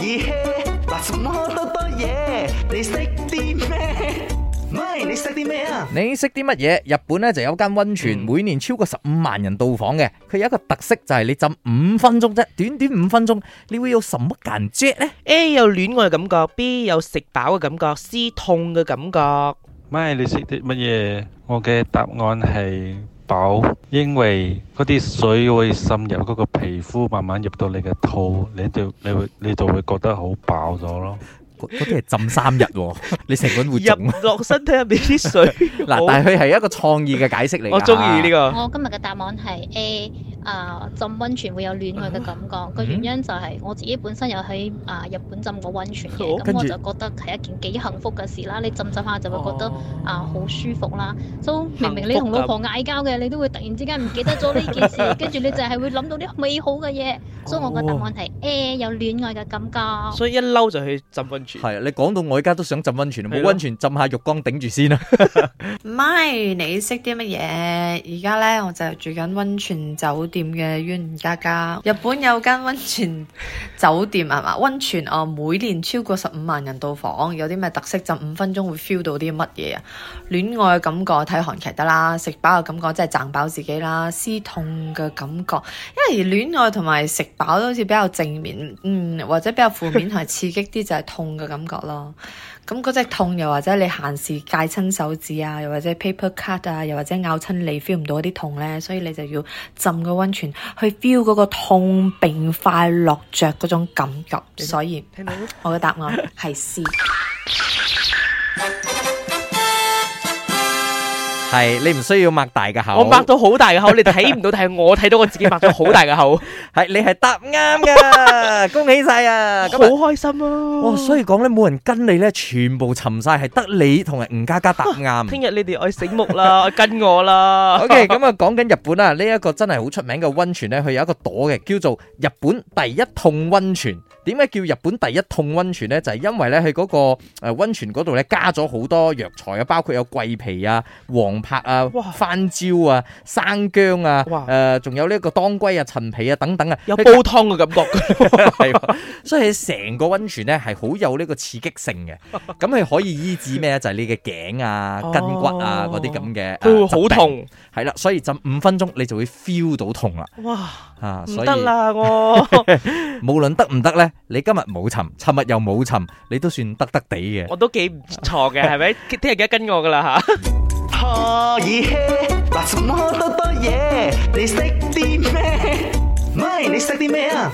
熱嗱，什麼多多嘢？你識啲咩？咪你識啲咩啊？你識啲乜嘢？日本咧就有一間温泉，mm. 每年超過十五萬人到訪嘅。佢有一個特色就係你浸五分鐘啫，短短五分鐘，你會有什麼 a, 有感覺呢 A 有戀愛嘅感覺，B 有食飽嘅感覺，C 痛嘅感覺。咪你識啲乜嘢？我嘅答案係。飽，因為嗰啲水會滲入嗰個皮膚，慢慢入到你嘅肚，你就你會你就會覺得好飽咗咯。嗰啲係浸三日，你成碗會腫。入落身體入邊啲水，嗱， 但係佢係一個創意嘅解釋嚟。 我中意呢個。我今日嘅答案係 A。欸啊！浸温泉會有戀愛嘅感覺，個原因就係我自己本身有喺啊日本浸過温泉嘅，咁我就覺得係一件幾幸福嘅事啦。你浸浸下就會覺得啊好舒服啦。所以明明你同老婆嗌交嘅，你都會突然之間唔記得咗呢件事，跟住你就係會諗到啲美好嘅嘢。所以我個答案係誒有戀愛嘅感覺。所以一嬲就去浸温泉。係，你講到我而家都想浸温泉。冇温泉浸下浴缸頂住先啊！唔係你識啲乜嘢？而家咧我就住緊温泉酒店。店嘅冤家家，日本有間溫泉酒店係嘛？溫泉哦，每年超過十五萬人到訪，有啲咩特色？就五分鐘會 feel 到啲乜嘢啊？戀愛嘅感覺睇韓劇得啦，食飽嘅感覺即係賺飽自己啦，思痛嘅感覺，因為戀愛同埋食飽都好似比較正面，嗯，或者比較負面同埋刺激啲就係痛嘅感覺咯。咁嗰隻痛，又或者你閒時戒親手指啊，又或者 paper cut 啊，又或者咬親你 feel 唔到嗰啲痛呢。所以你就要浸個溫泉去 feel 嗰個痛並快樂着嗰種感覺。所以，我嘅答案係 C。 係你唔需要擘大嘅口，我擘到好大嘅口，你睇唔到，但係我睇到我自己擘咗好大嘅口。係你係答啱嘅，恭喜晒啊！咁好開心啊！哦，所以講咧，冇人跟你咧，全部沉晒，係得你同埋吳家家答啱。聽日你哋愛醒目啦，跟我啦。OK，咁啊，講緊日本啊，呢一個真係好出名嘅温泉咧，佢有一個朵嘅，叫做日本第一痛温泉。點解叫日本第一痛温泉咧？就係因為咧，佢嗰個誒温泉嗰度咧加咗好多藥材啊，包括有桂皮啊、黃拍啊，番椒啊，生薑啊，誒、啊，仲有呢個當歸啊、陳皮啊等等啊，有煲湯嘅感覺，係 吧，所以成個溫泉咧係好有呢個刺激性嘅，咁係 可以醫治咩？就係、是、你嘅頸啊、筋骨啊嗰啲咁嘅，哦、會好痛，係啦、啊，所以浸五分鐘你就會 feel 到痛啦，哇，所以得啦， 無論得唔得咧，你今日冇浸，尋日又冇浸，你都算得得地嘅， 我都幾唔錯嘅，係咪？聽日記得跟我噶啦吓。 我耳氣，嗱什麼多多嘢，你識啲咩？咪你識啲咩啊？